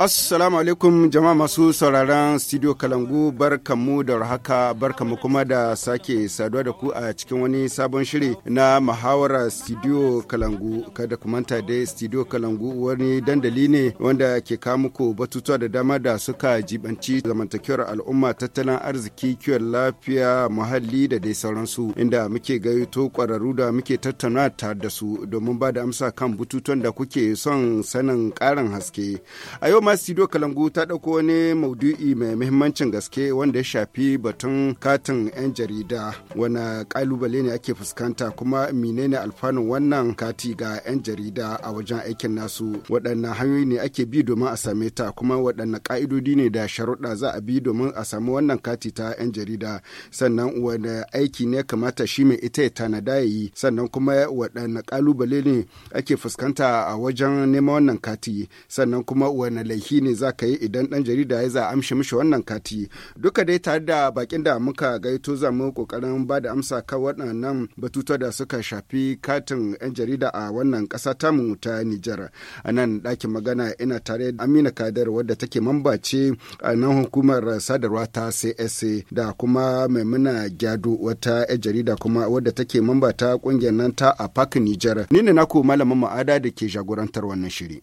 Assalamu alaikum jama'a masu sauraron studio Kalangu barkamu da haka barkamu kuma da sake saduwa da ku a cikin wani sabon shiri na muhawara studio Kalangu kada ku manta dai studio Kalangu wani dandali ne wanda ke kawo muku batutuwa da dama da suka jibanci zamantakewar al'umma tattalin arziki kiwon lafiya muhalli da dai sauransu inda muke gayyato kwararru da muke tattauna ta da su domin ba da amsa kan bututun da kuke son sanin ƙarin haske a masido studio kalangu ta ɗauko wani maudu'i mai muhimmancin gaske wanda ya shafi batun katin 'yan jarida wani kalubale ne ake fuskanta kuma menene alfanun wannan kati ga 'yan jarida a wajen aikin nasu waɗanne hanyoyi ne ake bi domin a same ta kuma waɗanne ƙa'idodi ne da sharuɗa za a bi domin a samu wannan kati ta 'yan jarida sannan wani aiki ne kamata shi mai ita ya tanada ya yi sannan kuma waɗanne ƙalubale ne ake fuskanta a wajen neman wannan kati sannan kuma wani laihi ne za ka yi idan ɗan jarida ya za amshi mishi wannan kati duka dai tare da bakin da muka gaito za mu kokarin ba da amsa kan waɗannan batutuwa da suka shafi katin 'yan jarida a wannan ƙasa ta ta Nijar a nan ɗakin magana ina tare da Amina Kadar wadda take mamba ce a nan hukumar sadarwa ta CSA da kuma Maimuna Gyado wata 'yan jarida kuma wadda take mamba ta ƙungiyar nan ta a Pak Nijar ni ne naku malamin ma'ada da ke jagorantar wannan shiri.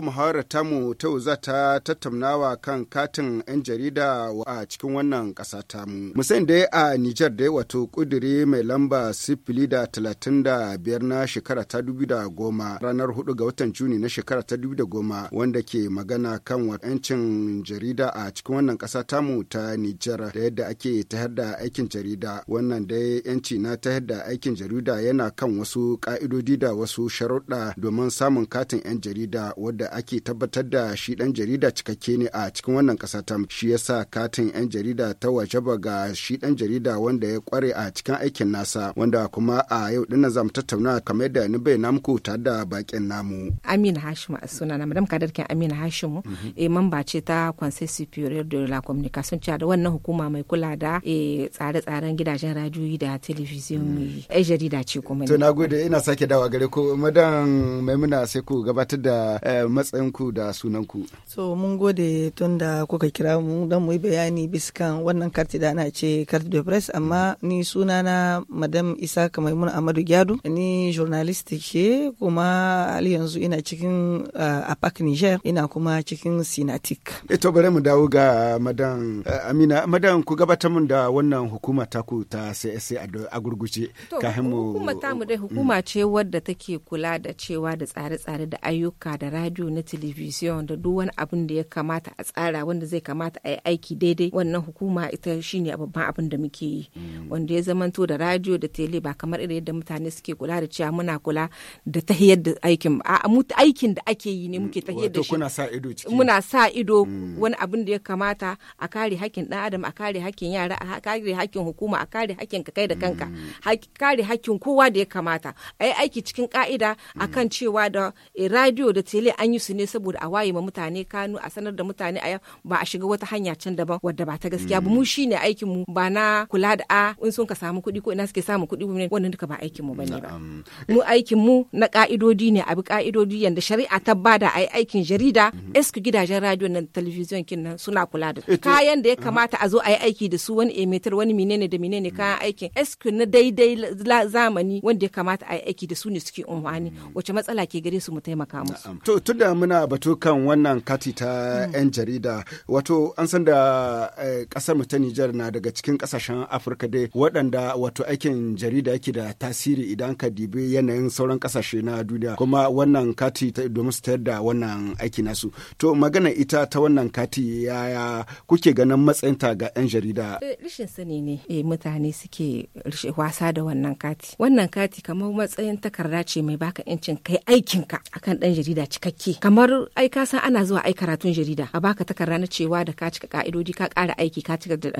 yau muhawarar tamu ta za tattaunawa kan katin 'yan jarida a cikin wannan ƙasa tamu. Musayin dai a Nijar dai wato kuduri mai lamba sifili da talatin da biyar na shekara ta dubu da goma ranar hudu ga watan Juni na shekara ta dubu da goma wanda ke magana kan yancin jarida a cikin wannan ƙasa tamu ta Nijar da yadda ake ta da aikin jarida wannan dai yanci na ta da aikin jarida yana kan wasu ka'idodi da wasu sharuɗa domin samun katin 'yan jarida wadda ake tabbatar da shi dan jarida cikakke ne a cikin wannan kasa ta shi yasa katin 'yan jarida ta waje ga shi dan jarida wanda ya kware a cikin aikin nasa wanda kuma a yau din za mu tattauna kamar yadda ni bai namku tare da bakin namu. amin Hashim asuna na madam kadarkin amin Hashimu e mamba ce ta Conseil Superior de la Communication cewa da wannan hukuma mai kula da eh, tsare-tsaren gidajen radiyoyi da telebijin yan mm. jarida ce kuma. To na ina sake dawa gare ku madam Maimuna sai ku gabatar da eh, matsayinku da sunanku. So mun gode tun da kuka kira mu don mu yi bayani biskan wannan karti da ana ce karti de press amma ni sunana madam Isa Maimun Amadu Gyadu ni journalist ke kuma hali yanzu ina cikin uh, ah, APAC Niger ina kuma cikin Sinatik. Eto bari mu dawo ga madam eh, Amina madam ku gabatar mun da wannan hukuma ta ku ta sai a gurguje kafin mu hukuma mu dai hukuma mm. ce wadda take kula da cewa da tsare-tsare da ayyuka da radio rediyo na television da duk wani abin da ya kamata a tsara wanda zai kamata a yi aiki daidai wannan hukuma ita shine babban abin da muke yi mm. wanda ya zamanto da radio da tele ba kamar irin yadda mutane suke kula da cewa muna kula da tahiyar da aikin a mu aikin da ake yi ne muke mm, tahiyar da shi sa ido ciki muna sa ido mm. wani abin da ya kamata a kare hakkin dan adam a kare hakkin yara a kare hakkin hukuma a kare hakkin ka kai da kanka a kare hakkin kowa da ya kamata a yi aiki cikin ka'ida akan cewa da eh, radio da tele an su ne saboda a waye ma mutane kanu a sanar da mutane a ba a shiga wata hanya can daban wadda ba ta gaskiya ba mu mm. shine aikin mu ba na kula da a in sun ka samu kuɗi ko ina suke samu kuɗi ne wannan duka ba aikin mu bane ba mu aikin na ka'idodi ne abi ka'idodi yanda shari'a ta bada yi aikin jarida mm-hmm. esku gidajen radio na talabijin kin nan suna kula da eh, kayan da ya uh-huh. kamata a zo a yi aiki da su wani emetar wani menene da menene kayan mm. aikin esku na daidai zamani wanda ya kamata a yi aiki da su ne suke unwani mm. wace matsala ke gare su mu taimaka musu da muna batu kan wannan kati ta hmm. 'yan jarida wato an san da kasar eh, mu ta Nijar na daga cikin kasashen Afirka dai waɗanda wato aikin jarida yake da tasiri idan ka dibi yanayin sauran kasashe na duniya kuma wannan kati ta domin su da wannan aiki nasu. To magana ita ta wannan kati yaya kuke ganin matsayinta ga 'yan jarida? Eh, Rishin sani ne eh, mutane suke wasa da wannan kati. Wannan kati kamar matsayin takarda ce mai baka 'yancin kai aikinka akan ɗan jarida cikakke aiki kamar ai ka san ana zuwa ai karatun jarida a baka takarda na cewa da ka cika ka'idodi ka ƙara aiki ka cika da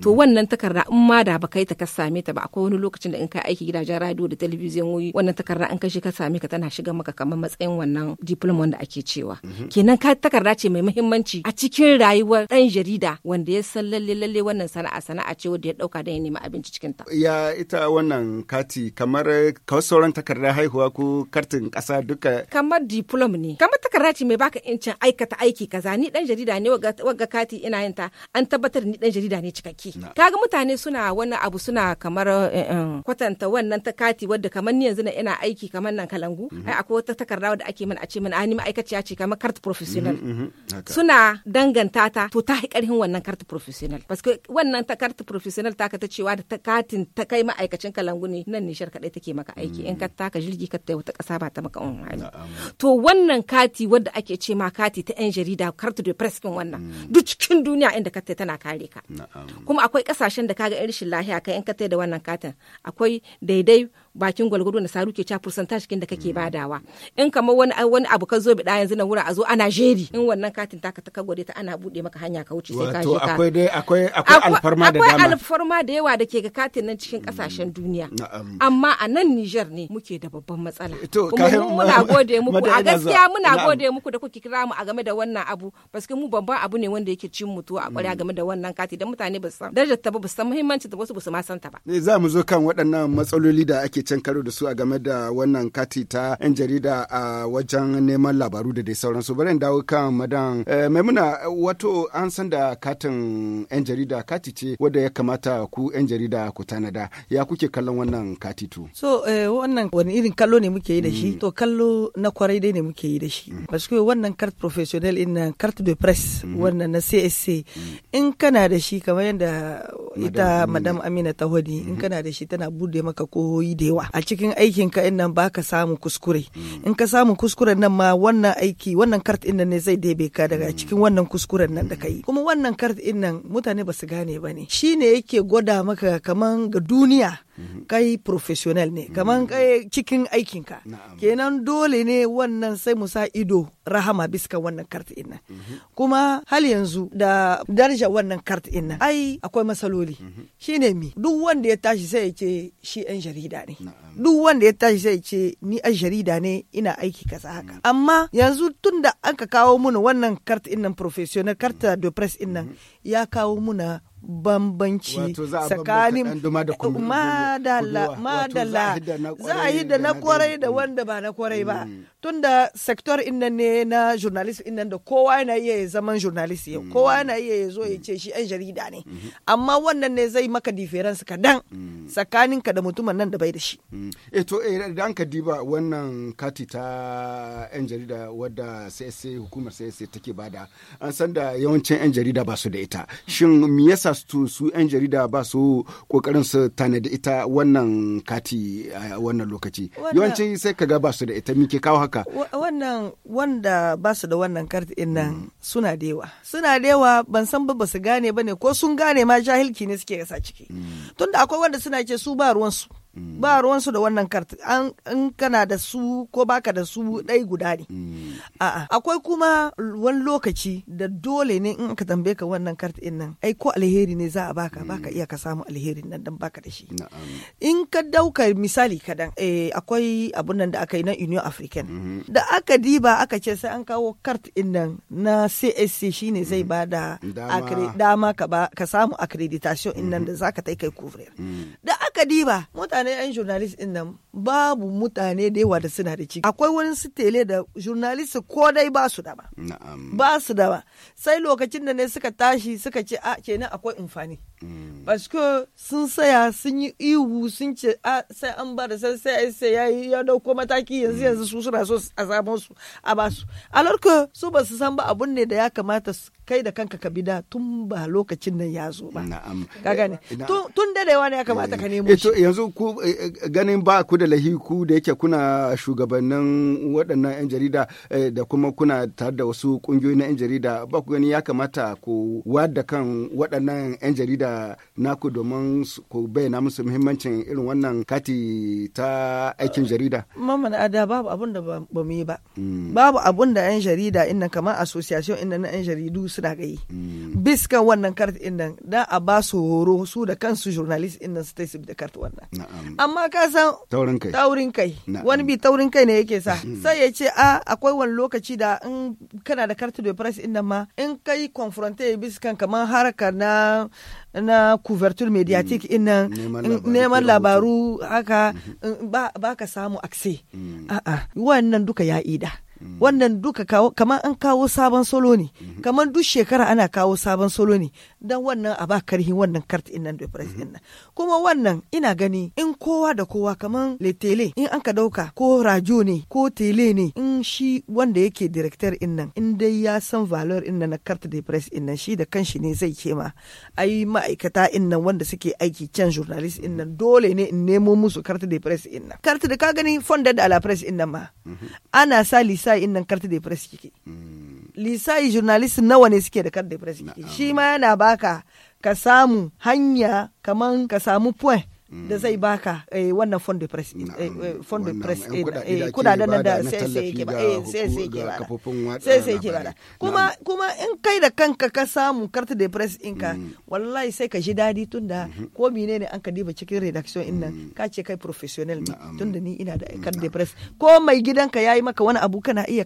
to mm. wannan takarda in ma da baka yi ta ka same ta ba akwai wani lokacin da in ka aiki gidajen radio da talabijin wuyi wannan takarda an kashe ka same ka tana shiga maka kamar matsayin wannan diploma wanda ake cewa mm-hmm. kenan ka takarda ce mai muhimmanci a cikin rayuwar dan jarida wanda ya san lalle lalle wannan sana'a sana'a ce wanda ya dauka da ya nemi abinci cikin ta ya ita wannan kati kamar kawai sauran takarda haihuwa ko kartin kasa duka kamar diploma ne kamar wata takarda mai baka incin aikata aiki kaza ni dan jarida ne wagga kati ina yin ta an tabbatar ni dan jarida ne cikakke kaga mutane suna wani abu suna kamar eh, eh, kwatanta wannan ta kati wadda kamar ni yanzu ina aiki kamar nan kalangu mhm. ai akwai wata takarda wadda ake min a ce min a ni ma'aikaciya ce kamar carte professional mhm, mhm, suna danganta ta to ta karhin wannan carte professional paske wannan ta carte professional ka ta cewa da ta katin ta kai ma'aikacin kalangu ne nan ne shar kadai take maka aiki mm. in ka ta ka jirgi ka ta wata kasa ba ta maka unhani to wannan ka kati wadda ake ce ma kati ta 'yan jarida kartu da press kin wannan duk cikin duniya inda ka tana kare ka kuma akwai kasashen da kaga irin rashin lahiya ka 'yan ka da wannan katin akwai daidai bakin gwalgwado na saruke ke ca percentage kin da kake badawa in kamar wani wani abu ka zo bida yanzu na wurin a zo a jeri in wannan katin taka ta gode ta ana bude maka hanya ka wuce sai ka je ka akwai dai akwai akwai alfarma da dama akwai alfarma da yawa da ke ga katin nan cikin kasashen duniya amma a nan Niger ne muke da babban matsala kuma muna gode muku a gaskiya muna gode muku da kuke kira mu a game da wannan abu paske mu babban abu ne wanda yake cin mutuwa a kwarya mm. game da wannan kati da mutane ba su san darajar ta ba su san muhimmancin ta su ba su ma san ta ba za mu zo kan waɗannan matsaloli da ake cin karo da su a game da wannan kati ta 'yan jarida a wajen neman labaru da dai sauransu bari dawo kan madan eh, maimuna wato an san da katin 'yan jarida kati ce wadda ya kamata ku 'yan jarida ku tanada ya kuke kallon wannan kati tu so eh, wannan wani irin kallo ne muke yi da shi mm. to kallo na kwarai dai ne muke yi da shi mm. parce wannan carte professionnel in carte de presse mm-hmm. wannan na CSC mm. in kana da shi kamar yadda ita madam Amina Tahodi in mm-hmm. kana da shi tana bude maka kohoyi da yawa a cikin aikin ka nan ka samu kuskure in ka samu kuskuren nan ma wannan aiki wannan kart din nan ne zai debe ka daga hmm. cikin wannan kuskuren nan da ka yi kuma wannan kart din nan mutane ba su gane ba ne shine yake gwada maka kaman ga duniya kai professional ne kamar mm. kai cikin aikinka kenan dole ne wannan sai mu sa ido rahama bisa wannan kart ɗin nan mhm. kuma hal yanzu da darja wannan kart ɗin nan ai akwai masaloli mhm. shine mi duk wanda ya tashi sai ya ce shi ɗan jarida ne duk wanda ya tashi sai ya ce ni ɗan jarida ne ina aiki kasa haka mm. amma yanzu tunda an ka kawo muna wannan kart ɗin nan professional kart de press ɗin nan mhm. ya kawo muna bambanci tsakanin madalla za a yi da na kwarai da wanda ba na kwarai ba mm. tunda sektor inda ne na journalist inda da kowa yana iya ya zaman journalist yau mm. kowa yana iya ya zo ya ce shi yan jarida ne mm-hmm. amma wannan ne zai maka ka dan mm. tsakanin ka da mutumin nan da bai da shi eh to eh, dan ka diba wannan kati ta yan jarida wadda sai hukumar sai take bada an san da yawancin yan jarida ba su da ita shin me yasa su 'yan jarida ba su kokarin su tanadi ita wannan kati a wannan lokaci yawanci sai kaga ba su da ita mike kawo haka wannan wanda ba su da wannan kati din nan mm. suna da yawa suna da yawa ban san ba su gane bane ko sun gane ma jahilki ne suke gasa ciki mm. tunda akwai wanda suna ce su ba ruwan su ba ruwansu da wannan kart an kana da su ko baka da su ɗai guda ne a'a akwai kuma wani lokaci da dole ne in ka tambaye ka wannan kart ɗin nan ai ko alheri ne za a baka baka iya ka samu alheri nan dan baka da shi in ka dauka misali kadan eh akwai abun nan da aka yi na Union African mhm. da aka diba aka ce sai an kawo kart ɗin nan na CSC shine zai mhm. bada dama ka samu accreditation ɗin nan mhm. da zaka kai kai kuvrer da aka diba mutane mutane yan journalist din nan babu mutane da yawa da suna da ciki akwai wurin su tele da journalist ko dai ba su da ba ba su da ba sai lokacin da ne suka tashi suka ce a ah, kenan akwai amfani que mm. sun saya sun yi ihu sun ce sai an da sai sai sai ya yi ya dauko mataki yanzu yanzu su suna so a samu su a ba su. Alarka su ba su san ba abun ne da ya kamata kai da kanka ka bida tun ba lokacin nan ya zo ba. Ka gane. Eh, tun dadewa wani ya kamata ka nemo eh, shi. Yanzu ku eh, ganin ba ku da lahiku da yake kuna shugabannin waɗannan 'yan jarida da kuma kuna tare da wasu kungiyoyi na 'yan jarida ba ku gani ya kamata ku wada kan waɗannan 'yan jarida da naku domin ku bayyana musu muhimmancin irin wannan kati ta aikin jarida? Mamman ada babu abun da ba mu yi ba. Mm. Babu abun da 'yan jarida inda kamar association inda na 'yan jaridu suna gayi. Mm. Biskan wannan karti inda da a ba su horo su da kansu journalist inda su taisi da karti wannan. Amma ka san taurin kai. Taurin kai. Wani bi taurin kai ne yake sa. Mm. Sai ya ce a akwai wani lokaci da in kana da karti da press inda ma in kai confronte biskan kamar harkar na na couverture mediatic mm. inan neman labaru haka mm-hmm. ba ka samu akse mm. a'a wannan duka ya ida wannan duka kawo kamar an kawo sabon solo ne mhm. kamar duk shekara ana kawo sabon solo ne dan wannan a ba karhi wannan kart din nan da din mhm. kuma wannan ina gani in kowa da kowa kamar letele in an ka dauka ko rajo ne ko tele ne in shi wanda yake director in nan in dai ya san valor in nan na kart da press din nan shi da kanshi ne zai kema ma ai ma'aikata in nan wanda suke aiki can journalist in nan dole ne in nemo musu kart da press din nan kart da ka gani fonded ala press din nan ma mhm. ana sa lisa lisai in nan karta da press kike mm. lisai journalist nawa ne suke da karta da press kike shi ma yana baka ka samu hanya kaman ka samu point da zai baka eh, wannan fond de pres. Eh, eh, fond de kudaden da sai sai ke ba kuma kuma in kai da kanka ka samu karta de in inka mm. wallahi sai ka ji dadi da mm-hmm. ko ne an ka diba cikin redaction in nan mm. ka ce kai professional ne tun da ni ina da karta de pres. ko mai gidanka yi maka wani abu kana iya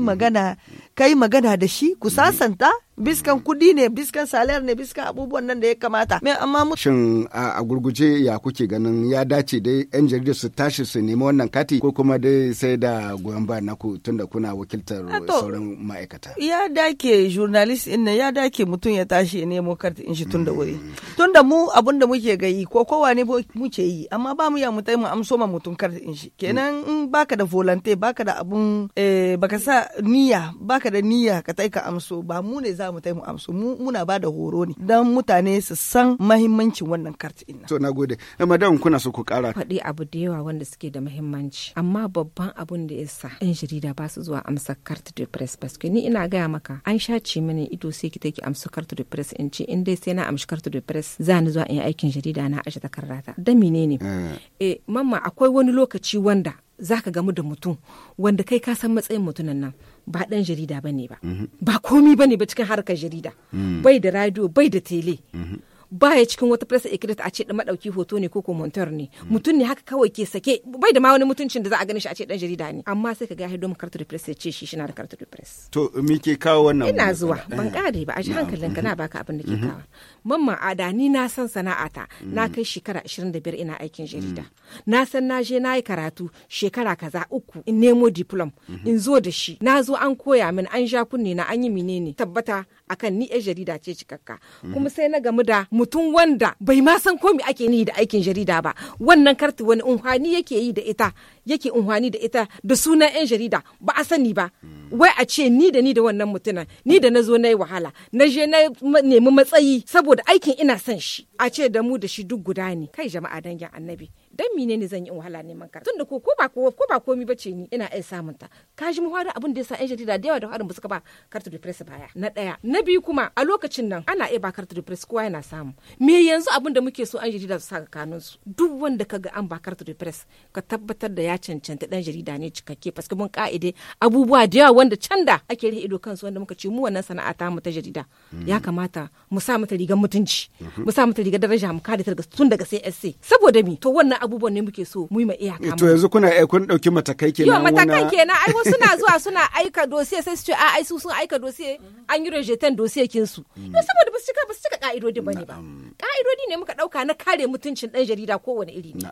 magana mm-hmm. kai magana da shi ku mm-hmm. sasanta biskan kudi ne biskan salar ne biskan abubuwan nan da ya kamata me amma mu shin a gurguje ya kuke ganin ya dace dai yan jarida su tashi su nemi wannan kati ko kuma dai sai da goyon ba naku tunda kuna wakiltar sauran ma'aikata ya dake journalist din ya dake mutum ya tashi ya nemo kati in shi tunda wuri mm. tunda mu abun da muke yi ko kowa ne muke yi amma ba mu ya mu mu amso ma mutum kati in shi kenan mm. in baka da volunteer baka da abun eh, baka sa niyya baka da niyya ka taika amso ba mu ne za mu taimu mu amsu mu muna ba da horo ne don mutane su san mahimmancin wannan karti ina to nagode eh, madam kuna so ku kara faɗi abu da yawa wanda suke da mahimmanci amma babban abun da yasa yan jarida ba su zuwa amsa carte de presse parce ni ina gaya maka an shaci mini ido sai ki take amsa carte de presse in ce in dai sai na amshi carte de presse za ni zuwa in aikin jarida na aje ta da menene eh. eh mamma akwai wani lokaci wanda zaka gamu da mutum wanda kai ka san matsayin mutumin nan ba ɗan jarida bane ba mhm. ba komi bane ne ba cikin harkar jarida mhm. bai da radio bai da tele mhm. ba ya cikin wata press secret a ce madauki hoto ne ko ko ne mutum ne haka kawai ke sake bai da ma wani mutuncin da za a gani shi a ce dan jarida ne amma sai ka ga domin kartu da press ya ce shi shi na da karatu da press to me ke kawo wannan ina zuwa ban eh. kare ba a ji hankalin ka na mhm. baka abin da ke mhm. kawo mamman ada ni na san sana'a ta mhm. na kai shekara 25 ina aikin jarida na san na je na yi karatu shekara kaza uku in nemo diploma in zo da shi na zo an koya min an sha kunne na an yi menene tabbata akan ni 'yan jarida ce cikakka kuma sai na gamu da mutum wanda bai ma san komi ake ni da aikin jarida ba wannan karti wani unhwani yake yi da ita yake unhwani da ita da suna 'yan jarida ba a sani ba wai a ce ni da ni da wannan mutumin ni da na zo yi wahala na je na nemi matsayi saboda aikin ina son shi a ce da mu da shi duk guda ne kai jama'a dangin annabi dan mine ne zan yi in wahala neman karatu tunda ko ba ko ba komi bace ni ina iya samun ta kaji mu hada abin da yasa yan jarida da yawa da harin ba suka ba karatu da press baya na daya na biyu kuma a lokacin nan ana iya ba karatu da press kowa yana samu me yanzu abun da muke so an jarida su saka kanun su duk wanda kaga an ba karatu da press ka tabbatar da ya cancanta dan jarida ne cikakke paske mun ka'ide abubuwa da yawa wanda can ake rihe ido kansu wanda muka ce mu wannan sana'a ta mu ta jarida hmm. ya kamata mu sa mata rigar mutunci mu sa mata rigar daraja mu kare ta tun daga sai saboda mi to wannan abubuwan ne muke so mu yi ma iyaka to yanzu kuna ai eh, kun dauki matakai kenan yo matakan kenan ai wasu na zuwa suna aika dossier sai su ce a ai su sun aika dossier an yi rejetan dossier kin su to mm. saboda ba su cika ba su cika ka'idodi ne ba ka'idodi ne muka dauka na kare mutuncin dan jarida kowane iri ne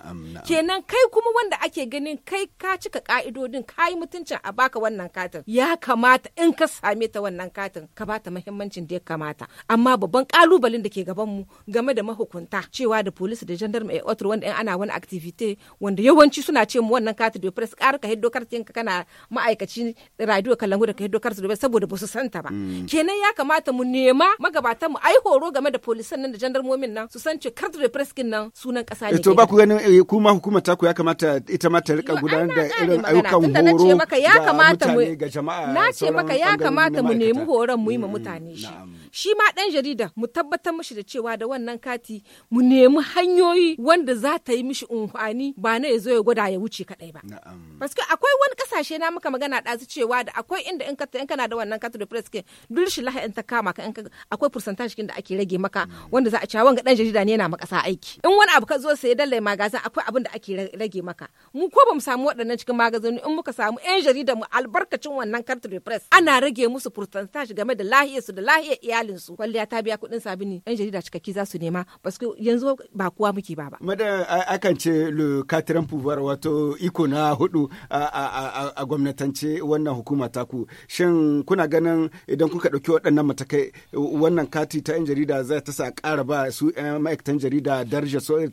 kenan kai kuma wanda ake ganin kai ka cika ka'idodin kai mutuncin a baka wannan katin ya kamata in ka same ta wannan katin ka bata muhimmancin da ya kamata amma babban kalubalen da ke gaban mu game da mahukunta cewa da polisi da gendarme eh, a otur wanda ana wani activité wanda yawanci suna ce mu wannan carte de presse ƙara ka hiddo kartin ka kana ma'aikaci radio lango da ka hiddo carte de presse saboda ba su santa ba mm. kenan ya kamata mu nema magabata mu ai horo game da polisan nan da jandarmomin nan su san ce carte de presse kin nan sunan kasa ne eh, to ba ku ganin eh, kuma hukumar ta ku ya kamata ita ma ta rika gudanar da irin ayyukan horo ga mutane ga jama'a na ce maka ya kamata mu nemi horon mu yi ma mm, mutane shi shi ma ɗan jarida mu tabbatar mishi da cewa da wannan kati mu nemi hanyoyi wanda za ta yi mishi umfani ba na ya zo ya gwada ya wuce kaɗai ba. Paske akwai wani ƙasashe na muka magana ɗazu cewa da akwai inda in in kana da wannan kati da press kin duk shi lahi in ta kama ka akwai percentage kin da ake rage maka mm. wanda za a cewa wanga ɗan jarida ne yana sa aiki. In wani abu ka zo sai dalle magazin akwai abin da ake rage maka. Mu ko ba mu samu waɗannan cikin magazin in muka samu 'yan jarida mu albarkacin wannan kati da press ana rage musu percentage game da lahiyarsu da lahiyar su kwalliya ta biya kuɗin ne yan jarida cikakki za su nema basu yanzu ba kowa muke ba ba. Mada akan ce le katiran pouvoir wato iko na hudu a gwamnatance wannan hukuma ku shin kuna ganin idan kuka dauki waɗannan matakai wannan kati ta yan jarida za ta sa ƙara ba su eh, ma'aikatan jarida daraja so eh,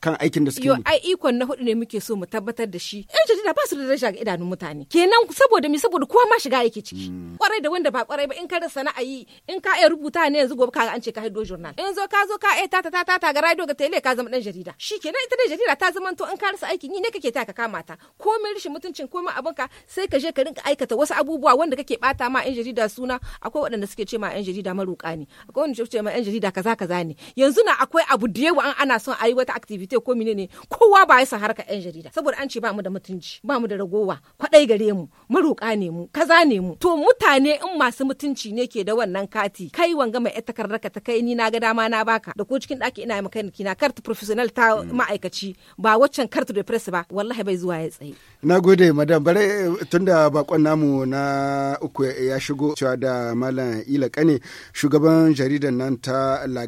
kan aikin da suke yi. ai ikon na hudu ne muke so mu tabbatar da shi yan jarida ba su da daraja ga idanun mutane kenan saboda me saboda kowa ma shiga yake ciki. Hmm. Kwarai da wanda ba kwarai ba in ka da sana'a yi in ka rubuta ne yanzu gobe kaga an ce ka haido journal in zo ka zo ka eh ta ta ta ga radio ga tele ka zama dan jarida kenan ita dan jarida ta zama to in ka rasa aikin yi ne kake ta ka kama ta komai rashin mutuncin komai ka, sai ka je ka rinka aikata wasu abubuwa wanda kake bata ma yan jarida suna akwai waɗanda suke ce ma yan jarida maruka ne akwai wanda ce ma yan jarida kaza kaza ne yanzu na akwai abu da yawa an ana son ayi wata activity ko ne kowa ba ya sa harka yan jarida saboda an ce ba mu da mutunci ba mu da ragowa kwadai gare mu maruka ne mu kaza ne mu to mutane in masu mutunci ne ke da wannan kati kai wanga mai takardar ka ta kai ni na ga dama na baka da ko cikin daki ina makaniki na karta professional ta mm. ma'aikaci ba waccan karta da press ba wallahi bai zuwa ya tsaye na gode madam bare tunda bakon namu na uku ya shigo cewa da malam ila kane shugaban jaridan nan ta la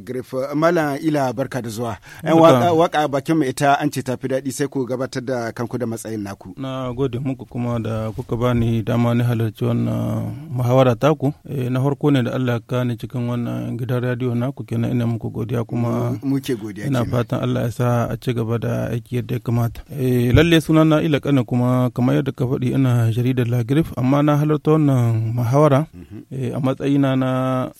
malam ila barka da zuwa yan waka bakin mu ita an ce tafi daɗi sai ku gabatar da kanku da matsayin naku na gode muku kuma da kuka bani dama ni halarci wannan muhawara taku eh, na farko ne da Allah ka ni cikin wannan gidan radio ku kenan ina muku godiya kuma muke godiya ina fatan Allah ya sa a ci gaba da aiki yadda ya kamata eh lalle sunan na ila kana kuma kamar yadda ka faɗi ina jaridar lagrif amma na halarta wannan muhawara mhm. eh, a matsayina na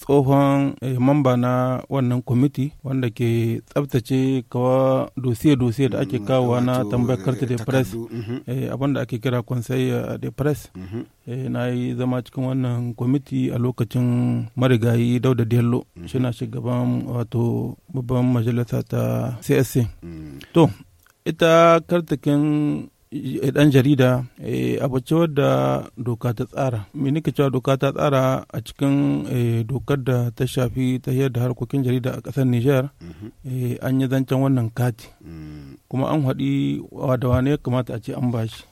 tsohon eh, mamba na wannan kwamiti wanda ke tsabtace kawa dosiye-dosiye da ake mm, kawo na tambayar eh, karta mhm. da press abin abinda ake kira conseil de press mhm. Eh, na yi zama cikin wannan kwamiti a lokacin marigayi dauda diallo mm-hmm. shina shugaban wato babban majalisa ta csc mm-hmm. to ita kartakin eh, dan jarida eh, abu ce wadda doka ta tsara me cewa doka ta tsara a cikin dokar da ta shafi ta da harkokin jarida a ƙasar niger mm-hmm. an yi zancen wannan kati kuma an haɗi wadawa ne ya kamata a ce an bashi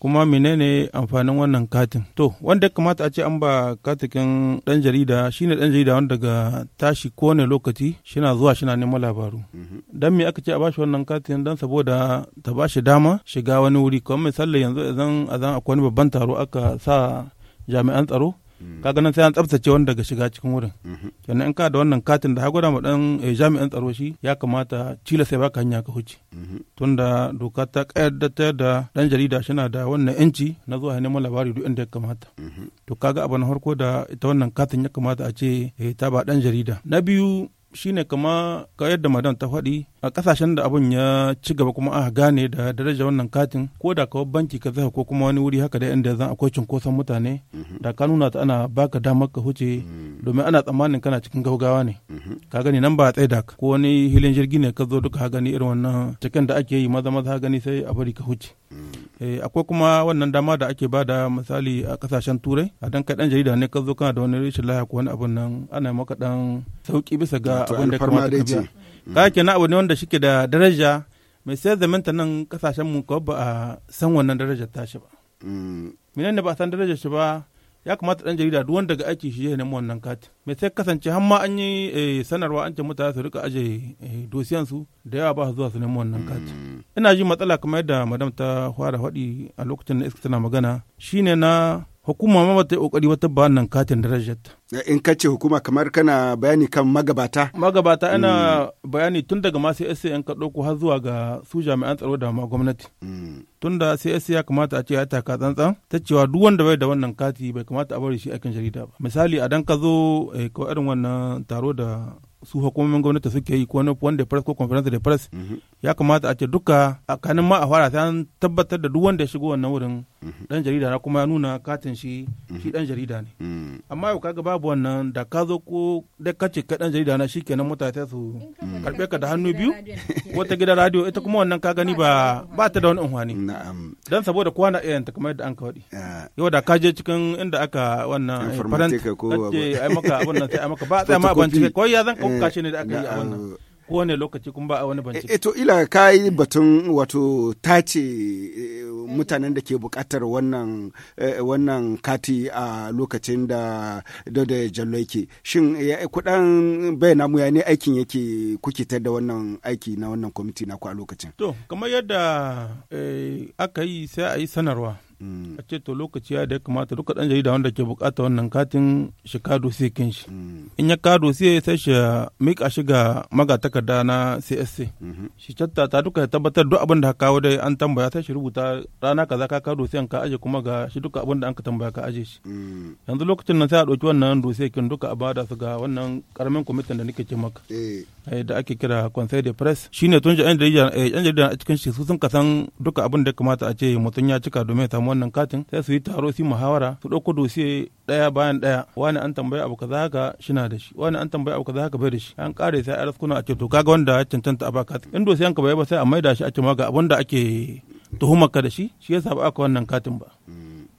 kuma menene amfanin wannan katin to wanda kamata a ce an ba katikin dan jarida shine dan jarida wanda daga tashi kowane lokaci shina zuwa shina neman labaru mhm. dan me aka ce a bashi wannan katin dan saboda ta bashi dama shiga wani wuri kamar misali yanzu idan a akwai wani babban taro aka sa jami'an tsaro Mm. kaga nan sai an tsabtace wanda daga shiga cikin wurin mhm. kenan in ka da wannan katin da hagwada ma dan eh, jami'an tsaro shi ya kamata cila sai baka hanya ka huce mhm. tunda doka ta kayyadatar da dan jarida shi na da wannan yanci na zuwa neman labari duk inda ya kamata mhm. to kaga abu na farko da ita wannan katin ya kamata a ce eh, ta ba dan jarida na biyu shine kama ka yadda madan ta faɗi a ƙasashen da abun ya ci gaba kuma a gane da daraja wannan katin ko da kawai banki ka zaka ko kuma wani wuri haka da inda zan akwai cunkoson mutane mhm. da ka nuna ta ana baka damar ka huce mhm. domin ana tsammanin kana cikin gaugawa ne mhm. ka gani nan ba a da ka ko wani hilin jirgi ne ka zo duka ka gani irin wannan cikin da ake yi maza maza ha gani sai a bari ka huce eh, akwai kuma wannan dama da ake bada misali a kasashen turai a dan kai dan jarida ne ka zo kana da wani rashin lahiya ko wani abun nan ana maka dan sauki bisa ga da abin da kamata ka biya ka abu ne wanda shike da daraja mai sayar da minta nan kasashen mu ba a san wannan darajar shi ba minan mm. ne ba a san darajar shi ba ya kamata dan jarida duk wanda ga aiki shi ya nemi wannan kati mai sai kasance har ma an yi eh, sanarwa an ce mutane su rika aje eh, dosiyan su da yawa ba su zuwa su nemi wannan kati mm. ina ji matsala kamar yadda madam ta fara faɗi a lokacin da iska tana magana shine na hukuma ma bata yi kokari wata ba nan katin darajar eh, in ka ce hukuma kamar kana bayani kan magabata magabata ana mm. bayani tun daga ma CSA yan ka ɗauko har zuwa ga su jami'an tsaro da ma gwamnati mm. tun da CSA ya kamata a ce ya taka tsantsan ta cewa duk wanda bai da wannan kati bai kamata a bari shi aikin jarida ba misali a dan ka zo eh, ko irin wannan taro da su hukumomin gwamnati suke yi ko wanda press ko conference da press mhm. ya kamata a ce duka a kanin ma a fara an tabbatar da duk wanda ya shigo wannan wurin mhm. dan jarida na kuma ya nuna katin shi mhm. shi dan jarida ne mm. amma yau kaga babu wannan da ka zo ko da ka ce kai dan jarida na kenan mutane su mm. karbe ka da hannu biyu ta gida radio ita kuma wannan ka gani ba ba ta da wani unhwani dan saboda kowa na iya kamar yadda an ka faɗi ah. yau da ka je cikin inda aka wannan faranta ko ai maka nan sai ai maka ba sai ma ban cike ko ya zan kashi ne da aka yi a eh, wannan kowane lokaci kuma ba a wani bincike. E, eh, to ila ka yi batun wato tace eh, mutanen da ke bukatar wannan wannan kati a lokacin da da da jallo yake shin kudan bayyana mu ya ne aikin yake kuke tar da wannan aiki na wannan kwamiti na ku a lokacin. To kamar yadda aka yi sai a yi sanarwa Mm. a ce to lokaci ya da ya kamata duka dan jarida wanda ke bukata wannan katin shi kado sai kin shi mm. in ya kado sai sai shi mika shi ga magatakarda na CSC mm-hmm. shi ta duka ya tabbatar duk abin da ka kawo dai an tambaya sai shi rubuta rana kaza ka kado sai an ka aje kuma ga shi duka abin da an ka tambaya ka aje shi mm. yanzu lokacin nan sai a dauki wannan dosiye kin duka a bada su ga wannan karamin committee da nake ce maka eh. Eh, da ake kira conseil de presse shine tun jarida yan eh, jarida a cikin shi su sun kasan duka abin da ya kamata a ce mutun ya cika domin ya samu samun wannan katin sai su yi taro su muhawara su ɗauko dosiye ɗaya bayan ɗaya wani an tambaya abu kaza haka shina da shi wani an tambaya abu kaza haka bai da shi an kare sai a raskuna a ce to kaga wanda ya cancanta a ba katin in dosiyan ka bai ba sai a maida shi a ce ga abin da ake tuhumar ka da shi shi yasa ba aka wannan katin ba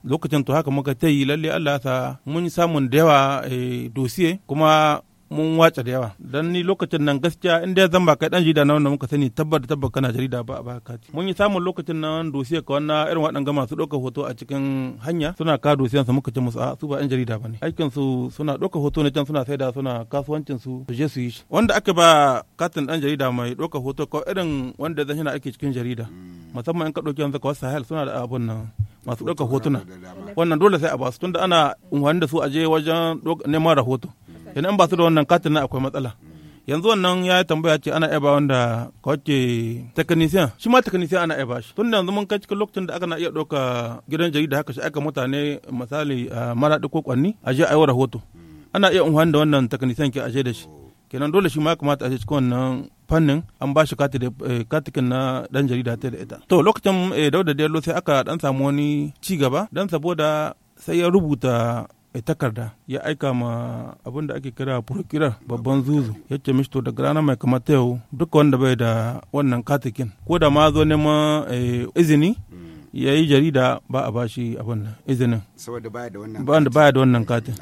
lokacin to haka muka ta yi lalle Allah ya sa mun samun da yawa eh, dosiye kuma mun wace da yawa dan ni lokacin nan gaskiya in dai zan ba kai dan jarida na wanda muka sani tabbar tabbar kana jarida ba a ba kati mun yi samun lokacin nan dosiya ka wannan irin waɗanga masu ɗaukar hoto a cikin hanya suna ka dosiyan su muka ce musu a su ba ɗan jarida ba ne aikin su suna ɗaukar hoto ne can suna saida suna kasuwancin su su je su yi wanda aka ba katin dan jarida mai ɗaukar hoto ko irin wanda zan shina ake cikin jarida musamman in ka ɗauki yanzu kawai sahel suna da abun nan masu ɗaukar hotuna wannan dole sai a basu tunda ana unhwani da su aje wajen neman rahoto idan ba su da wannan katin na akwai matsala yanzu wannan ya tambaya ce ana yaba wanda kwace technician shi ma technician ana yaba shi tun yanzu mun kai cikin lokacin da aka na iya ɗauka gidan jarida haka shi aka mutane misali a maraɗi ko kwanni a je a yi rahoto ana iya unhan da wannan technician ke aje da shi kenan dole shi ma ya kamata a cikin wannan fannin an ba shi eh, katikin na dan jarida ta da ita to lokacin eh, dauda dello sai aka dan samu wani ci gaba dan saboda sai ya rubuta takarda ya aika ma abin da ake kira prokirar babban zuzu ya ce mishi to daga ranar mai kamata yau duk wanda bai da wannan katikin ko da ma zo neman eh, izini mm. ya yi jarida ba a bashi abin izinin saboda baya da wannan katin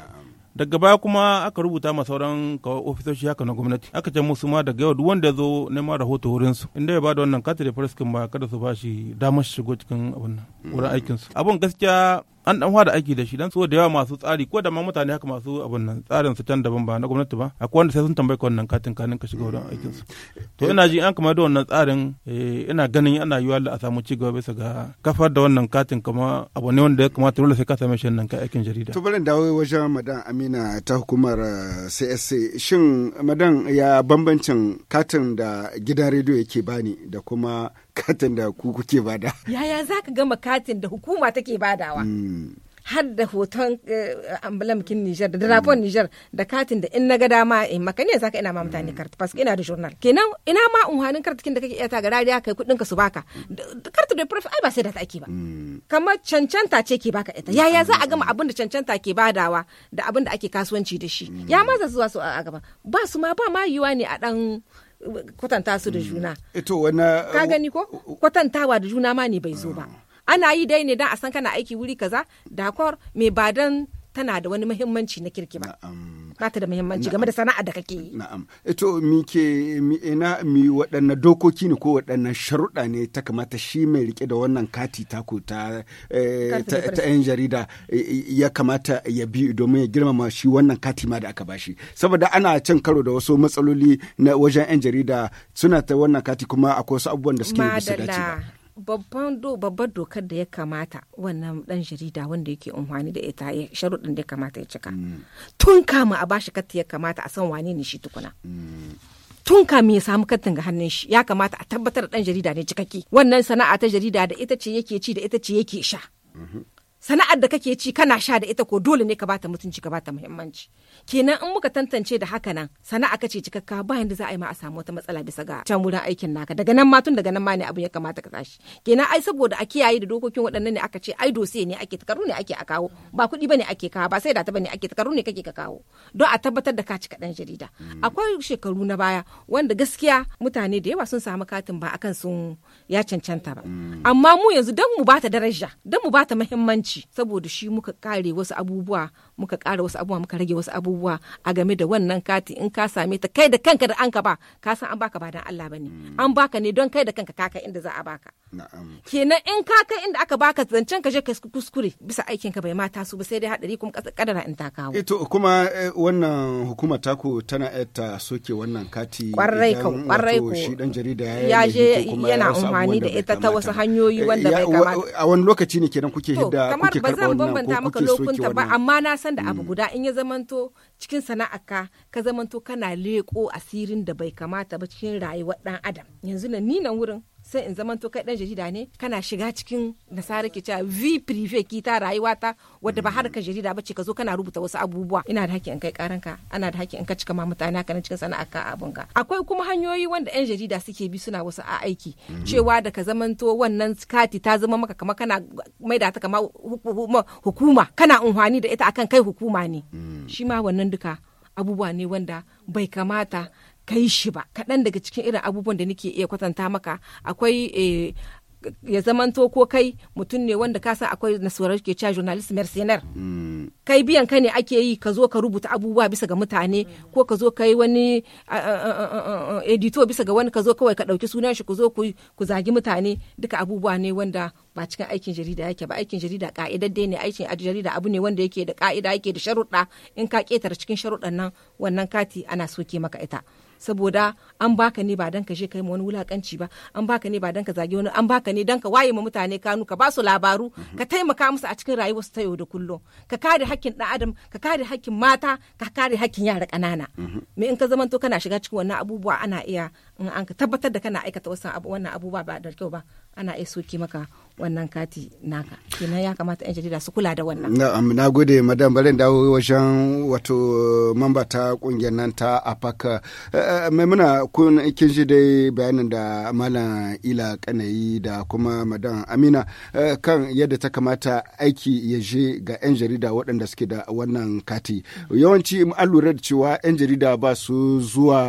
daga baya kuma aka rubuta ma sauran ofisoshi haka na gwamnati aka ce musu ma daga yau duk wanda ya zo neman rahoto wurin su inda ya bada wannan katin da farskin ba kada su bashi damar shigo cikin abin wurin mm. aikin su abin gaskiya an dan da aiki da shi dan saboda yawa masu tsari ko da ma mutane haka masu abun nan tsarin su can daban ba na gwamnati ba akwai wanda sai sun tambayi ka wannan katin kanin ka shiga wurin aikin su to ina ji an kamar da wannan tsarin eh, ina ganin ana yiwa a samu ci gaba bisa ga kafar da wannan katin kama abu ne wanda ya kamata dole sai ka same shi nan ka aikin jarida to bari dawo wajen madan Amina ta hukumar CSC eh, shin madan ya bambancin katin da gidan rediyo yake bani da kuma katin da ku kuke bada yaya za ka gama katin da hukuma take badawa hmm. har da hoton eh, ambulamkin Nijar da drapon hmm. Nijar da katin da in na ga dama in maka ne zaka ina ma mutane karta hmm. paske ina da journal kenan ina ma unhanin kartikin da kake iya ta ga rariya kai kudin ka su baka karta da prof ai ba sai da ta ake ba kamar cancanta ce ke baka ita yaya za a gama abin da cancanta ke badawa da abin da ake kasuwanci da shi ya ma zuwa su a gaba ba su ma ba ma yiwa ne a dan kwatanta su da mm. juna. Ito wani. Ka uh, gani ko? Kwatantawa da juna ma ne bai zo ba. Ah. Ana yi dai ne don a san kana aiki wuri kaza, dakor mai badan tana da wani muhimmanci na kirki ba. ba ta da muhimmanci game da sana'a da kake yi na'am Ito eh, mi ke ina mi waɗanne dokoki ne ko waɗanne sharuɗa ne ta kamata shi mai rike da wannan kati taku ta eh, ta yan jarida eh, ya kamata ya bi domin ya girmama shi wannan kati ma da aka bashi saboda ana cin karo da wasu matsaloli na wajen yan jarida suna ta wannan kati kuma akwai wasu abubuwan da suke bisa dace babban babbar dokar da ya kamata wannan dan jarida wanda yake unhwani da ita ya sharuɗin da ya kamata ya cika mm. tun kama a bashi katta ya kamata a san wane ne shi tukuna mm. tun kama ya samu katin ga hannun shi ya kamata a tabbatar da dan jarida ne cikakke wannan sana'a ta jarida da ita ce yake ci da ita ce yake sha mm-hmm. sana'ar da kake ci kana sha da ita ko dole ne ka bata mutunci ka bata muhimmanci kenan in muka tantance da haka nan sana'a kace cikakka ba yanda za a yi ma a samu wata matsala bisa ga can wurin aikin naka daga nan ma tun daga nan ma ne abin ya kamata ka tashi kenan ai saboda a kiyaye da dokokin waɗannan ne aka ce ai dosiye ne ake takaru ne ake a kawo ba kuɗi bane ake kawo ba sai da ta bane ake takaru ne kake ka kawo don a tabbatar da ka cika ɗan jarida hmm. akwai shekaru na baya wanda gaskiya mutane da yawa sun samu katin ba akan sun ya cancanta ba hmm. amma mu yanzu don mu bata daraja don mu bata muhimmanci saboda shi muka kare wasu abubuwa muka kare wasu abubuwa muka rage wasu abubuwa abubuwa a game da wannan kati in ka same ta kai da kanka da an ka ba ka san an baka ba dan Allah bane mm. an baka ne don kai da kanka kaka inda za a baka Na'am. Kenan in ka kai inda aka baka zancen ka je ka kuskure bisa aikin ka bai ma taso ba sai dai hadari kuma kadara in ta kawo. Eto eh kuma eh, wannan hukumar taku tana ta soke wannan kati. Kwarai ka kwarai ko. Shi dan jarida ya je yana amfani da ita ta wasu hanyoyi eh, wanda bai kamata. A wani lokaci ne kenan kuke hidda kuke karba wannan ko kuke soke wannan. Kamar ba zan bambanta maka lokunta ba amma na san da abu mm. guda in ya zamanto cikin sana'a ka zamanto kana leko asirin da bai kamata ba cikin rayuwar dan adam. Yanzu na ni nan wurin sai in zamanto to kai dan jarida ne kana shiga cikin nasara ke cewa v prive ki ta rayuwa ta wadda ba harkar jarida ba ce ka zo kana rubuta wasu abubuwa ina da haƙƙi in kai karanka ana da haƙƙi in ka cika ma mutane haka cikin sana'a ka abun ka akwai kuma hanyoyi wanda yan jarida suke bi suna wasu a aiki mhm. cewa da ka zaman to wannan kati ta zama maka kama kana maida ta kama hukuma kana unhwani da ita akan kai hukuma ne mhm. shi ma wannan duka abubuwa ne wanda bai kamata kai shi ba kaɗan daga cikin irin abubuwan da nake iya kwatanta maka akwai eh, ya zamanto ko kai mutum ne wanda ka san akwai nasuwar ke cewa journalist mercenaire mm. kai biyan ka ne ake yi ka zo ka rubuta abubuwa bisa ga mutane mm. ko ka zo kai wani editor bisa ga wani ka zo kawai ka ɗauki sunan shi ku zo ku zagi mutane duka abubuwa ne wanda ba cikin aikin jarida yake ba aikin jarida ka'idar ka'idadde ne aikin jarida abu ne wanda yake da ka'ida yake da sharuɗa in ka ketare cikin sharuɗan nan wannan kati ana soke maka ita saboda an baka ne ba dan ka je kai ma wani wulakanci ba an baka ne ba dan ka zage wani an baka ne dan ka waye ma mutane kanu ka ba su labaru ka taimaka musu a cikin rayuwarsu ta yau da kullum ka kare hakkin dan adam ka kare hakkin mata ka kare hakkin yara ƙanana mhm. me in ka zamanto kana shiga cikin wannan abubuwa ana iya in an ka tabbatar da kana aikata wasu wannan abubuwa ba da kyau ba ana iya soke maka wannan kati naka kenan ya kamata 'yan jarida su kula da wannan na gode madam barin dawo wajen wato mamba ta kungiyar nan ta afaka eh, eh, maimuna kun kin ji dai bayanin da malam ila kanayi da kuma madam amina eh, kan yadda ta kamata aiki ya je ga 'yan jarida waɗanda suke da wannan kati yawanci an lura da cewa 'yan jarida ba su zuwa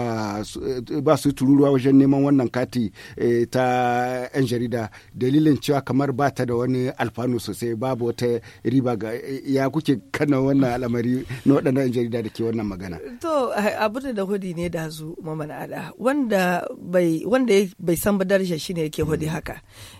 ba su turu ruwa wajen neman wannan kati eh, ta 'yan jarida dalilin cewa kamar ba ta da wani alfanu sosai babu wata riba ga eh, ya kuke kana wannan al'amari na waɗannan 'yan jarida da ke wannan magana. To eh, abu da hudi ne da zu mamana ada wanda bai wanda bai san ba darajar ne yake hudi haka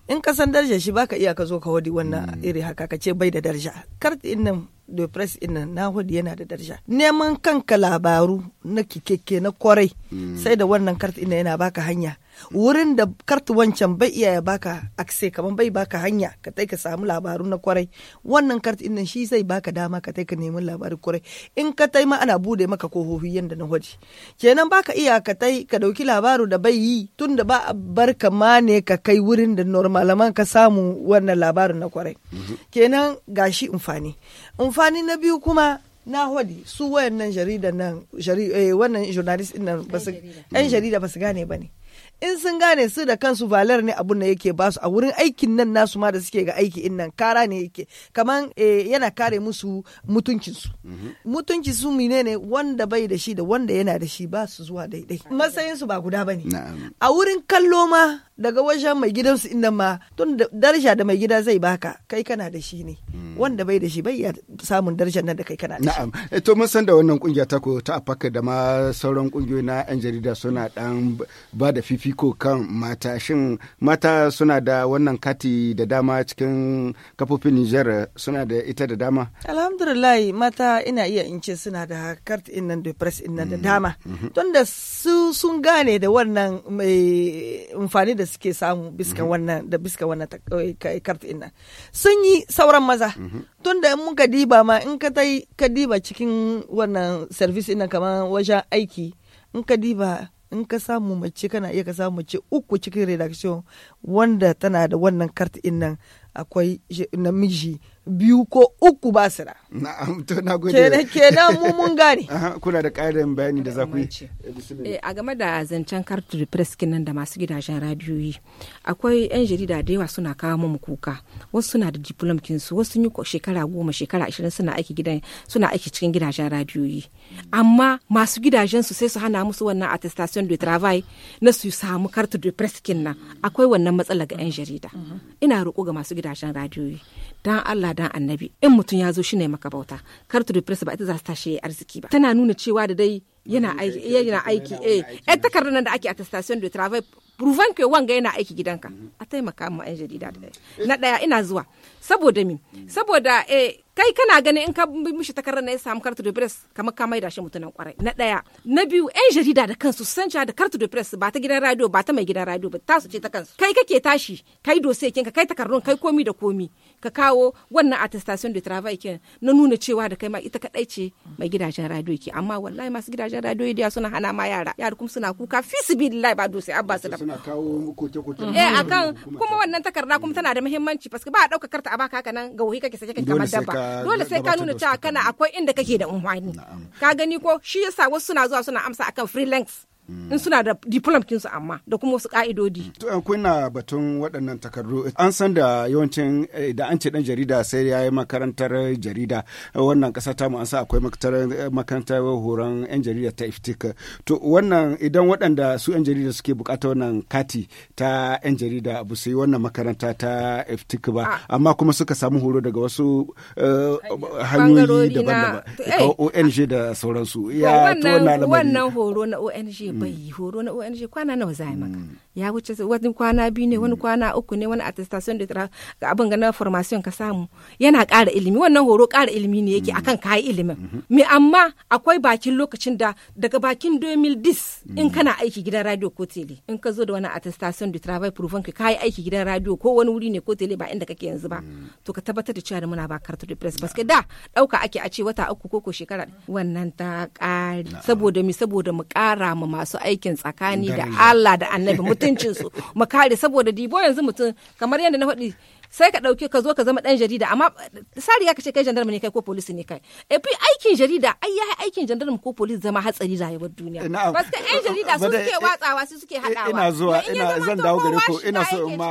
in ka san darajar shi baka iya ka zo ka hodi wannan hmm. iri haka ka ce bai da darja. kar din nan depress nan na hodi yana da darja. neman kanka labaru na kikeke na kwarai hmm. sai da wannan kart din yana baka hanya wurin da karta wancan bai iya ya baka akse kamar bai baka hanya ka tai ka samu labaru na kwarai wannan karta inda shi zai baka dama ka tai ka nemi labarin kwarai in ka tai ma ana bude maka kohohi yanda na waje kenan baka iya ka tai ka dauki labaru da bai yi tun da ba a bar ka ma ne ka kai wurin da normalaman ka samu wannan labarin na kwarai mhm. kenan gashi amfani amfani na biyu kuma na hodi su wayannan jaridan nan eh, wannan journalist din nan yan jarida ba su gane ba ne in sun gane su da kansu valar ne abun da yake ba su a wurin aikin nan nasu ma da suke ga aiki in nan kara ne yake kaman eh, yana kare musu mutuncinsu mhm. mutunci su mine ne wanda bai da shi da wanda yana da shi ba su zuwa daidai matsayin su ba guda bane a wurin kallo ma daga wajen mai gidansu inda ma tun daraja da mai gida zai baka kai kana da shi ne hmm. wanda bai da shi bai ya samun darajar nan da kai kana da shi na'am eh, to mun san da wannan kungiya ta ko ta afaka da ma sauran kungiyoyi na yan jarida suna dan ba da fifiko kan mata shin mata suna da wannan kati da dama cikin kafofin Niger suna da ita da dama alhamdulillah mata ina iya in ce suna da kart in nan da press in nan da hmm. dama hmm. tunda su sun gane da wannan mai eh, amfani da suke samu bisa mhm. wannan da bisa wannan eh, karfi nan sun yi sauran maza mhm. tun da mun ka diba ma in ka tai ka diba cikin wannan service ina kamar wajen aiki in ka diba in ka samu mace kana iya ka samu mace uku cikin redaction wanda tana da wannan karfi nan akwai namiji biyu ko uku ba su Na'am to na gode. Kenan mu mun gane. Kuna da ƙarin bayani da za eh, A game da zancen kartu press kinan da masu gidajen radiyoyi akwai 'yan jarida da yawa suna kawo mu kuka wasu suna da diplom su wasu sun yi shekara goma shekara ashirin suna aiki gidan suna aiki cikin gidajen radiyoyi amma masu gidajen su sai su hana musu wannan attestation de travail na su samu kartu de press kinan akwai wannan matsala ga 'yan jarida mhm. ina roƙo ga masu gidajen radiyoyi dan Allah dan annabi in mutum ya zo shi ne maka bauta kartu da ba ita za ta tashi arziki ba tana nuna cewa da dai yana aiki yana aiki eh takardar nan da ake attestation de travail proven ke wanga yana aiki gidanka a taimaka ma yan jarida da na daya ina zuwa saboda mi saboda eh kai kana ganin in ka mishi takarar na ya samu kartu de press kamar ka maida shi mutunan kwarai na daya na biyu yan jarida da kansu san da kartu de press ba ta gidan radio ba ta mai gidan radio ba su ce ta kansu kai kake tashi kai dose kin ka kai takarrun kai komi da komi ka kawo wannan attestation de travail kin na nuna cewa da kai ma ita kadai ce mai gidajen radio ki amma wallahi masu gidajen radio da suna hana ma yara yara kuma suna kuka fi sibillahi ba dose abba su da tana kawo mm-hmm. eh akan kuma wannan takarda kuma tana da muhimmanci paske ba a dauka karta a baka haka nan ga wuhi kake sake kake kamar dabba dole sai ka nuna cewa kana akwai inda kake da umfani ka gani ko shi yasa wasu suna zuwa suna amsa akan freelance in suna da diplom kinsu amma da kuma wasu ka'idodi. Eh, kuna batun waɗannan takardu an san da yawancin eh, da an ce dan jarida sai ya yi makarantar jarida wannan ƙasa ta mu an sa akwai makarantar eh, horon 'yan jarida ta iftik to wannan idan waɗanda su 'yan jarida suke bukata wannan kati ta 'yan jarida abu su yi wannan makaranta ta iftik ba ah. amma kuma suka samu horo daga wasu hanyoyi daban-daban ONG da sauransu ya wannan horo na ONG Mm. bai horo na ONG kwana nawa za maka mm. ya wuce wani kwana biyu ne wani mm. kwana uku ne wani attestation da abin ga na formation ka samu yana ƙara ilimi wannan horo ƙara ilimi ne yake akan kayi ilimin mm-hmm. me amma akwai bakin lokacin da daga bakin 2010 in kana aiki gidan radio ko tele in ka zo da wani attestation de travail proof ka kayi aiki gidan radio ko wani wuri ne ko tele ba inda kake yanzu ba to ka tabbatar da cewa muna ba kartu de press parce da dauka ake a ce wata uku ko shekara wannan ta ƙare saboda mi saboda mu ƙara ma masu masu aikin tsakani da Allah da annabi mutuncinsu mu kare saboda dibo yanzu mutum kamar yadda na faɗi sai ka ɗauke ka zo ka zama ɗan jarida amma sari ka ce kai jandarma ne kai ko polisi ne kai e fi aikin jarida ai ya aikin jandarma ko polisi zama hatsari rayuwar duniya eh, parce que ɗan jarida su suke eh, watsawa su suke eh, haɗawa ina zuwa ina zan dawo gare ku ina so ma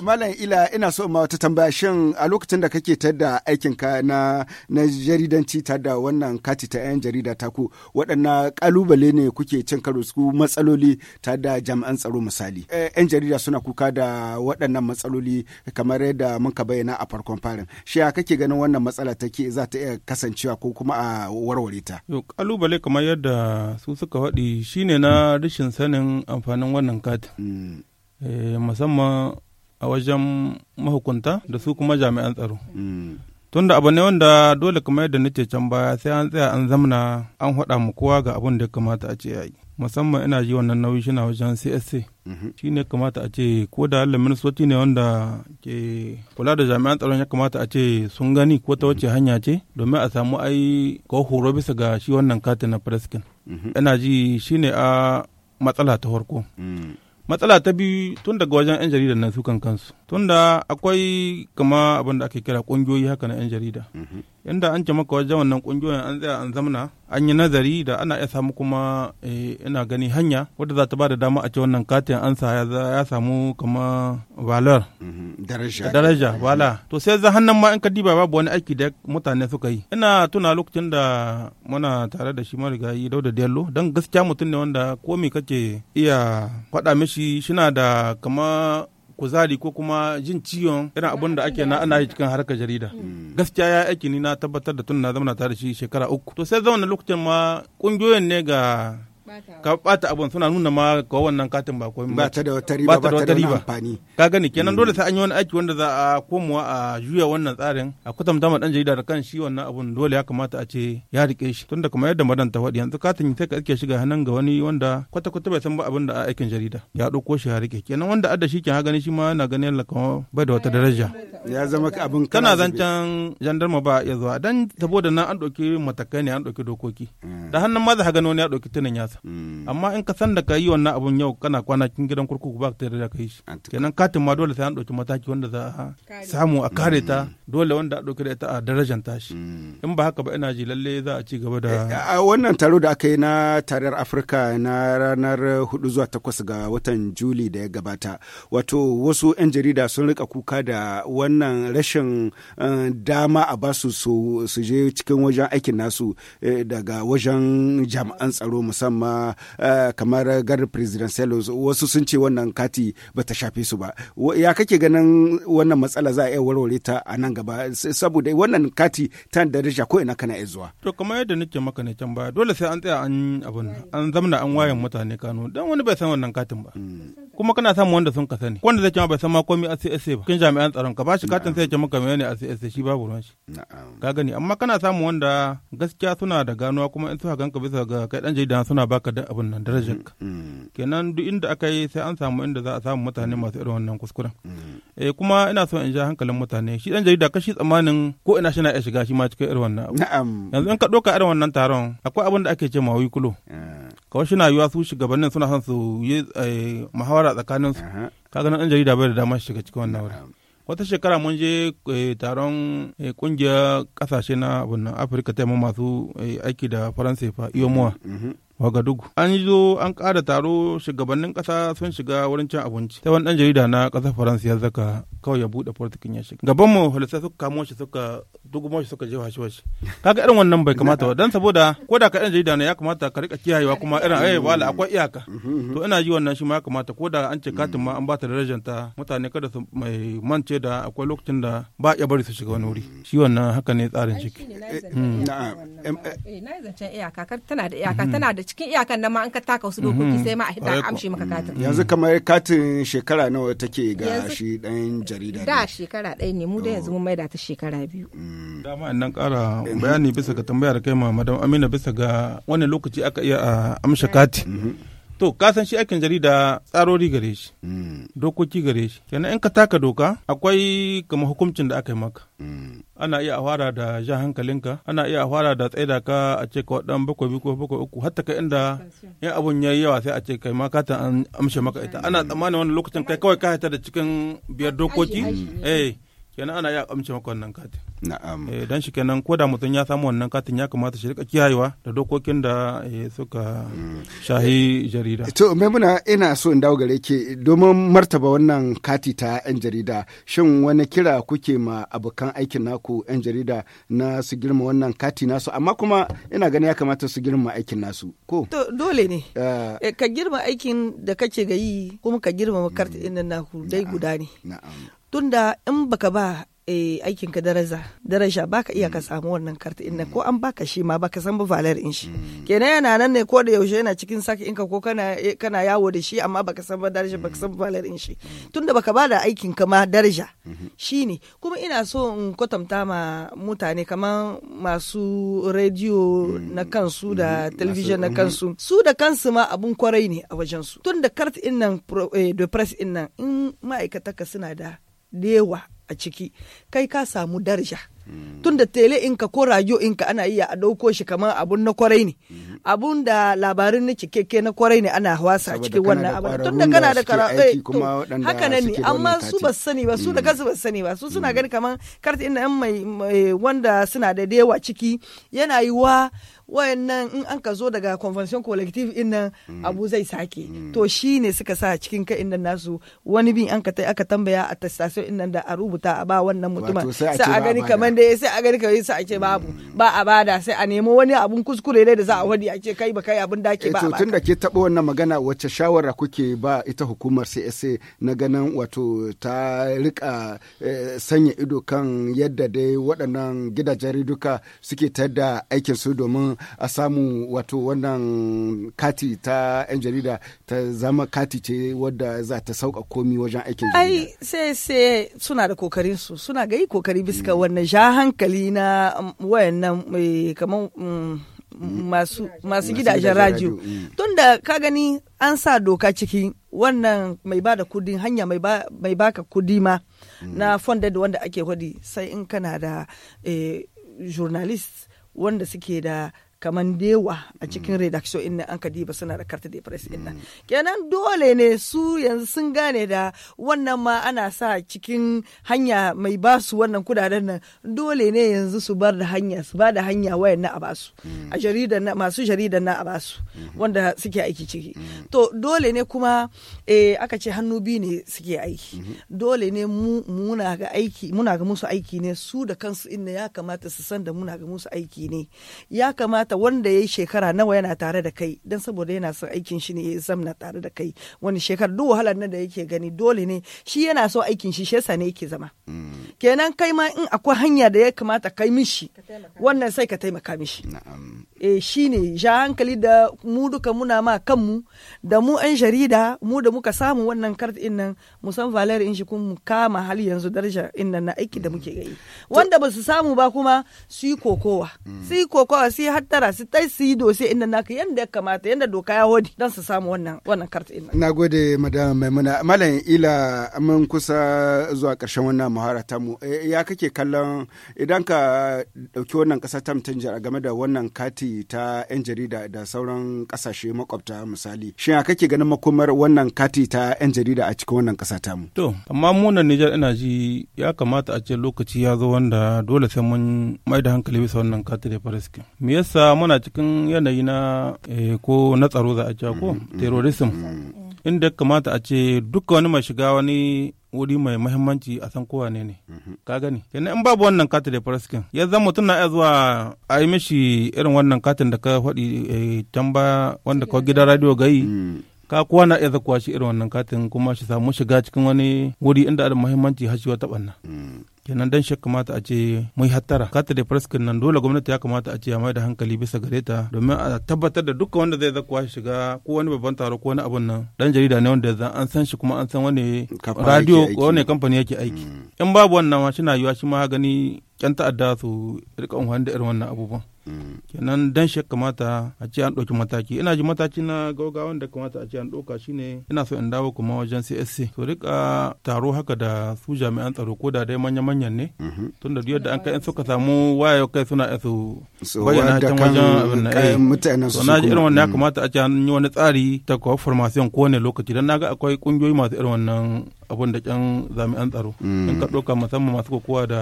malam ila ina so ma wata tambaya shin a lokacin da kake tada aikin ka na na jaridanci da wannan kati ta yan jarida ta ku waɗannan kalubale ne kuke cin karo su matsaloli da jami'an tsaro misali yan jarida suna kuka da waɗannan matsaloli matsaloli kamar yadda muka bayyana a farkon farin shi a kake ganin wannan matsala take za ta iya kasancewa ko kuma a warware ta kalubale kamar yadda su suka faɗi shine na rashin sanin amfanin wannan katin mm. eh, musamman a wajen mahukunta da su kuma jami'an tsaro mm. tunda abu ne wanda dole kamar yadda nace can baya sai an tsaya an zamna an haɗa mu kowa ga abin da ya kamata a ce yayi musamman ina ji wannan nauyi shi na wajen CSC. Mhm. Shi ne kamata a ce ko da halin ministoci ne wanda ke kula da jami'an tsaron ya kamata a ce sun gani ko ta wace hanya ce domin a samu ai ko horo bisa ga shi wannan katin na Preskin. Mhm. Ina ji shi ne a matsala ta farko. Mm. matsala ta biyu tun daga wajen 'yan jarida na sukan kansu tun da akwai kama abin da ake kira kungiyoyi haka na 'yan jarida inda mhm. an ce wajen wannan kungiyoyin an tsaya an zamana an yi nazari da ana iya samu kuma eh, ina gani hanya wadda za ta ba da dama a ce wannan katin an sa ya samu kama valor mhm. daraja daraja wala mhm. to sai za hannun ma in ka diba babu wani aiki da mutane suka yi ina tuna lokacin da muna tare da shi marigayi dauda diallo don gaskiya mutum ne wanda ko me kake iya faɗa mishi shi shina da kama kuzari ko kuma jin ciwon irin abun da ake na ana yi cikin harkar jarida mm. gaskiya ya aiki ni na tabbatar da tun na zama tare da shi shekara uku to sai zauna lokacin ma kungiyoyin ne ga ka bata abun suna nuna ma ga wannan katin ba komai ba ta da wata riba ba ta da wani amfani ka gani kenan mm. dole sai an yi wani aiki wanda za a komowa a juya wannan tsarin a kutamta ma dan jarida da kan shi wannan abun dole ya kamata a ce ya rike shi tunda kamar yadda madan ta faɗi yanzu katin ta ka ake shiga hannun ga wani wanda kwata kwata bai san ba abin da a aikin jarida ya dauko shi ya rike kenan wanda adda shi ke ha gani shi ma yana ganin kamar bai da wata daraja ya zama abin kana zancan jandarma ba ya zuwa dan saboda nan an ɗauki matakai ne an ɗauki dokoki mm. da hannun ma za ka gani wani ya dauki tunan ya masa amma in ka san da ka yi wannan abun yau kana kwana cikin gidan kurkuku ba ka da ka yi shi kenan katin ma dole sai an ɗauki mataki wanda za a samu a kare ta mm. dole wanda a ɗauki da ita a darajan tashi mm. in ba haka ba ina ji lalle za a ci gaba da eh, eh, wannan taro da aka yi na tarar afirka na ranar 4 zuwa 8 ga watan juli da ya gabata wato wasu 'yan jarida sun rika kuka da wannan rashin eh, dama a basu su je cikin wajen aikin nasu daga wajen jami'an tsaro musamman ma eh, kamar gar presidential wasu sun ce wannan kati ba ta shafe su ba ya kake ganin wannan matsala za a iya warware ta a nan gaba saboda wannan kati ta daraja ko ina kana iya zuwa to kamar yadda nake maka ne can ba dole sai an tsaya an abun an zamna an wayan mutane kano dan wani bai san wannan katin ba hmm. kuma kana san wanda sun ka sani wanda zai ce bai san ma komai a CSA ba kin jami'an tsaron ka bashi katin sai ya maka menene a CSA shi babu ruwan shi ka gani amma kana samu wanda gaskiya suna da ganuwa kuma in suka ganka bisa ga kai dan jarida suna baka da abin nan darajar ka mm, mm. kenan duk inda aka yi sai an samu inda za a samu mutane masu irin wannan kuskuren mm. eh kuma ina son in ja hankalin mutane shi dan jarida kashi tsamanin ko ina shi na iya shiga shi ma cikin irin wannan abu yanzu in ka doka irin wannan taron akwai abin da ake ce ma wikulo eh. kawai shi na yiwa su shugabannin suna son su yi eh, muhawara tsakanin su kaga nan dan jarida bai da damar shiga cikin wannan wurin wata shekara mun je eh, taron kungiyar kasashe na abin afirka ta yamma masu aiki da faransa fa iyomowa e mm-hmm. Wagadugu. An yi zo an ƙara taro shugabannin ƙasa sun shiga wurin cin abinci. Ta wani ɗan jarida na ƙasar Faransa ya zaka kawai ya buɗe portikin ya shiga. Gaban mu halittar suka kamo shi suka dugumo shi suka jefa shi washi. Kaga irin wannan bai kamata ba dan saboda ko da ka ɗan jarida ne ya kamata ka rika kiyayewa kuma irin ai eh, wala akwai iyaka. To ina ji wannan shi ma ya kamata ko da an ce katin ma an ba ta darajar ta mutane kada su mai mance da akwai lokacin da ba ya bari su shiga wani wuri. Shi wannan haka ne tsarin ciki. Mm. Na'am. Eh na Na'am. iyaka tana da Na'am. Mm-hmm. tana da cikin iyakan nan ma an ka taka wasu dokoki mhm. sai ma a hita amshi maka katin mhm. yanzu kamar katin shekara nawa take ga shi dan jarida da shekara ɗaya ne mu da yanzu mun da ta shekara biyu mm. dama nan kara bayani bisa ga da kai ma madam Amina bisa ga wani lokaci aka iya a ah, eh. kati mhm. to ka san shi aikin jarida tsarori gare shi mm. dokoki gare shi kenan in ka taka doka akwai kama hukuncin da aka yi maka mm. ana iya fara da jan hankalinka ana iya fara da tsaida ka a ce ka waɗan bakwai biyu ko bakwai uku hatta kai inda in abun yayi yawa sai a ce kai ma katan an amshe maka ita ana tsammanin wani lokacin kai kawai ka haita da cikin biyar dokoki eh kenan ana iya amince maka wannan katin na'am eh, dan shi kenan ko da mutum ya samu wannan katin ya kamata shi rika kiyayewa da dokokin da eh, suka shahi jarida to maimuna ina so in dawo gare ke domin martaba wannan kati ta yan jarida shin wani kira kuke ma abokan aikin naku yan jarida na su girma wannan kati nasu amma kuma ina ganin ya kamata su girma aikin nasu ko to dole ne uh, ka girma aikin da kake ga yi kuma ka girma kartin mm. naku dai guda ne na'am tunda in baka ba e, aikinka daraja daraja baka iya ka mm. samu wannan karta inda mm. ko an baka shi ma baka san ba valer in shi mm. kenan yana nan ne ko da yaushe yana cikin saka inka ko kana eh, kana yawo da shi amma baka san ba daraja baka san valer in shi tunda baka ba da aikin ka ma daraja mm-hmm. shine kuma ina so in kwatanta ma mutane kamar masu rediyo na kansu da mm-hmm. television na mm-hmm. kansu su da kansu ma abun kwarai ne a wajen su tunda karta in nan da eh, press in nan in ma'aikata ka suna da dewa a ciki kai ka samu darja tunda tele inka ko radio inka ana iya a ɗauko shi kamar abun na kwarai ne abun da labarin na ke na kwarai ne ana wasa cikin wannan abun tunda kana da karatsai eh, haka nan ne amma su ba sani ba su da mm. kansu ba sani ba su suna mm. gani kamar karta inda yan mai wanda suna da yawa ciki yana yi wa wayannan in an ka zo daga convention collective in nan mm. abu zai sake to shi ne suka sa cikin ka inda nasu wani bin an ka aka tambaya a tasasin in nan da a rubuta a ba wannan mutumin sai a gani kamar wanda ya sai a gani kawai sai a babu ba a bada sai a nemo wani abun kuskure ne da za a wani a ce kai ba kai abun da ake ba. Eh, tun da ke taba wannan magana wacce shawara kuke ba ita hukumar CSA na ganin wato ta rika eh, sanya ido kan yadda dai waɗannan gidajen riduka suke ta da aikin su domin a samu wato wannan kati ta 'yan jarida ta zama kati ce wadda za ta sauka komi wajen aikin jarida. Ai sai sai suna da kokarin su suna ga yi kokari bisa wannan a hankali na mm, wayannan eh, kamar mm, masu gidajen radio mm. tunda ka gani an sa doka ciki wannan mai ba da kudi hanya mai baka kudi ma na funded wanda ake wadi sai in kana da eh, journalist wanda suke da kamar dewa a cikin redaction in an ka diba suna da karta depress in nan mm. kenan dole ne su yanzu sun gane da wannan ma ana sa cikin hanya mai basu wannan kudaden nan dole ne yanzu su bar da hanya su ba da hanya wayan na a basu mm. a jaridar na masu jaridar na a basu mm-hmm. wanda suke aiki ciki mm. to dole ne kuma eh aka ce hannu biyu ne suke aiki mm-hmm. dole ne mu muna ga aiki muna ga musu aiki ne su da kansu inda ya kamata su san da muna ga musu aiki ne ya kamata kamata wanda ya yi shekara nawa yana tare da kai don saboda yana son aikin shi ne ya zamna tare da kai wani shekara duk wahalar nan da yake gani dole ne shi yana so aikin shi shi yasa ne yake zama mm. kenan kai ma in akwai hanya da ya kamata kai mishi wannan sai ka taimaka mishi e shi ne ja hankali da mu duka muna ma kanmu da mu an jarida mu da muka samu wannan kart in nan musan valer in shi mu kama hali yanzu daraja in nan na aiki da muke yi mm. wanda ba su samu ba kuma su yi kokowa mm. su yi kokowa su yi hattara gyara su tai su yi dose inda naka yanda ya kamata yanda doka ya hodi don su samu wannan wannan karta ina. Na gode madam Maimuna malam Ila mun kusa zuwa karshen wannan muhara ta mu eh, ya kake kallon idan ka dauki wannan kasa ta mutanjar game da wannan kati ta yan jarida da sauran kasashe makwabta misali shin ya kake ganin makomar wannan kati ta yan jarida a cikin wannan kasa ta mu. To amma mu nan Nijar ina ji ya kamata a ce lokaci ya zo wanda dole sai mun mai da hankali bisa wannan kati da fariski Me yasa muna cikin yanayi na eh, ko na tsaro za a cewa ko mm, mm, terrorism mm, inda kamata a ce duka wani mai shiga wani wuri mai mahimmanci a san kowa ne ne mm-hmm. ka gani kenan in babu wannan katin da faraskin ya zama mutum na iya zuwa a yi mishi irin wannan katin da ka faɗi eh, can ba wanda ka gidan radio gayi ka kuwa na iya zakuwa shi irin wannan katin kuma shi samu shiga cikin wani wuri inda da mahimmanci har shi wata kenan dan shakka kamata a ce mai hattara kata da farskin nan dole gwamnati ya kamata a ce ya mai da hankali bisa gare ta domin a tabbatar da dukkan wanda zai zakuwa shiga ko wani babban taro ko wani abun nan dan jarida ne wanda zan an san shi kuma an san wani radio ko wani kamfani yake aiki hmm. in babu wannan ma shi na yiwa shi ma gani yan ta'adda su rika da irin wannan abubuwan kenan dan shi kamata a ce an ɗauki mataki ina ji mataki na gauga wanda kamata a ce an ɗauka shine ina so in dawo kuma wajen CSC to rika taro haka da su jami'an tsaro ko da dai manya-manyan ne mhm. tunda duk yadda an kai in suka samu wayo kai suna su bayyana can wajen abin na eh. so na ji irin wannan ya mm. kamata a ce an yi wani tsari ta kawo formation kowane lokaci dan naga akwai kungiyoyi masu irin wannan abun da kyan jami'an tsaro mm. in ka ɗauka musamman masu kokowa da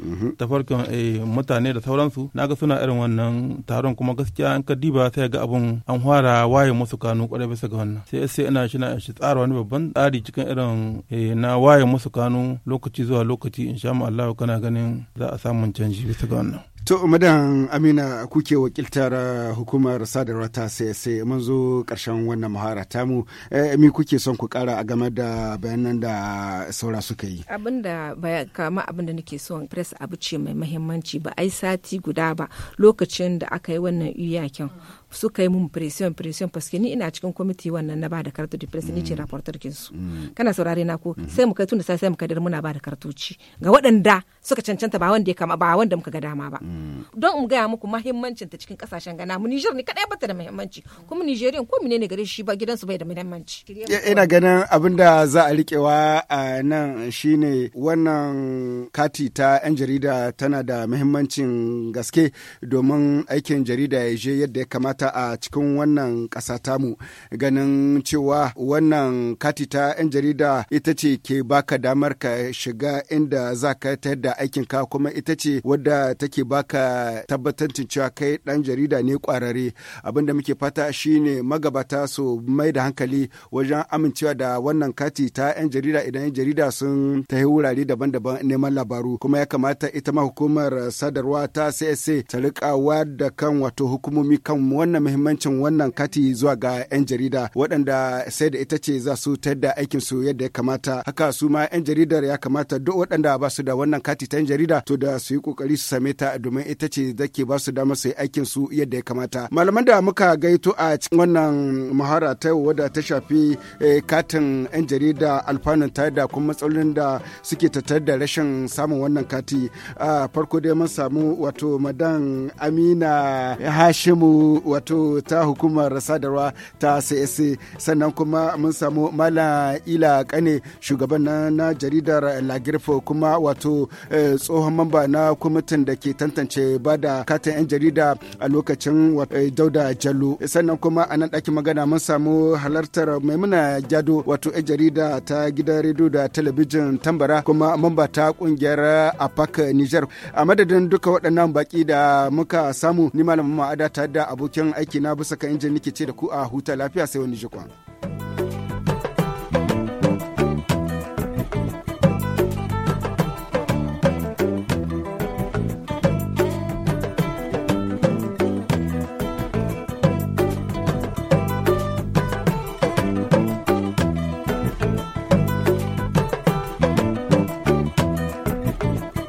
mm-hmm. tafarkin eh, mutane da sauransu na ga suna irin wannan taron kuma gaskiya in ka diba sai ga abun an fara waye musu kanu kwarai bisa ga wannan sai sai ina shi na shi tsara wani babban tsari cikin irin eh, na waye musu kanu lokaci zuwa lokaci insha Allah kana ganin za a samu canji bisa ga wannan To madan Amina kuke wakiltar eh, hukumar sadarwa ta sai mun zo karshen wannan muhara tamu eh, mi kuke son ku kara a game da bayanan da saura suka yi. baya kama da nake son press abu ce mai mahimmanci ba ai sati guda ba lokacin da aka yi wannan iyakin suka yi mun pression pression paske ni ina cikin kwamiti wannan na da kartu da press ni ce mm. rapporteur kin su mm. kana saurare na ko mm. sai mu kai tun da sai sai mu kai muna da kartuci ga waɗanda suka cancanta ba wanda ya kama ba wanda muka ga dama ba don mu gaya muku mahimmancin ta cikin kasashen gana mu Niger ne kadai bata da muhimmanci kuma Nigerian ko mine ne gare shi ba gidansu bai da muhimmanci ina ganin abin da za a rikewa a nan shine wannan kati ta yan jarida tana da mahimmancin gaske domin aikin jarida ya je yadda ya kamata bukata a cikin wannan ƙasa tamu ganin cewa wannan kati ta 'yan jarida ita ce ke baka damar ka shiga inda za ka tayar da aikinka kuma ita ce wadda take baka tabbatancin cewa kai ɗan jarida ne ƙwararre abinda muke fata shine magabata su mai da hankali wajen amincewa da wannan kati ta 'yan jarida idan 'yan jarida sun tahi wurare daban-daban neman labaru kuma ya kamata ita ma hukumar sadarwa ta sai ta riƙa da kan wato hukumomi kan wannan muhimmancin wannan kati zuwa ga 'yan jarida waɗanda sai da ita ce za su tayar aikin su yadda ya kamata haka su ma 'yan jaridar ya kamata duk waɗanda ba su da wannan kati ta 'yan jarida to da su yi kokari su same ta domin ita ce da ke ba su dama su yi aikin su yadda ya kamata malaman da muka gaito a cikin wannan muhara ta wadda ta shafi eh, katin 'yan jarida alfanun ta da kuma matsalolin da suke ta da rashin samun wannan kati a farko dai mun samu wato madan amina hashimu wato ta hukumar sadarwa ta CSC sannan kuma mun samu Mala Ila Kane shugaban na jaridar Lagirfo kuma wato eh, tsohon mamba na kwamitin da ke tantance ba da katin 'yan jarida a lokacin eh, Dauda Jallo sannan kuma a nan ɗakin magana mun samu halartar Maimuna Jado wato 'yan jarida ta gidan rediyo da talabijin Tambara kuma mamba ta kungiyar APAC Niger a madadin duka waɗannan baki da muka samu ni malamin ma'ada ta da abokin aiki na bisa kan injin nike ce da ku a huta lafiya sai wani jikon.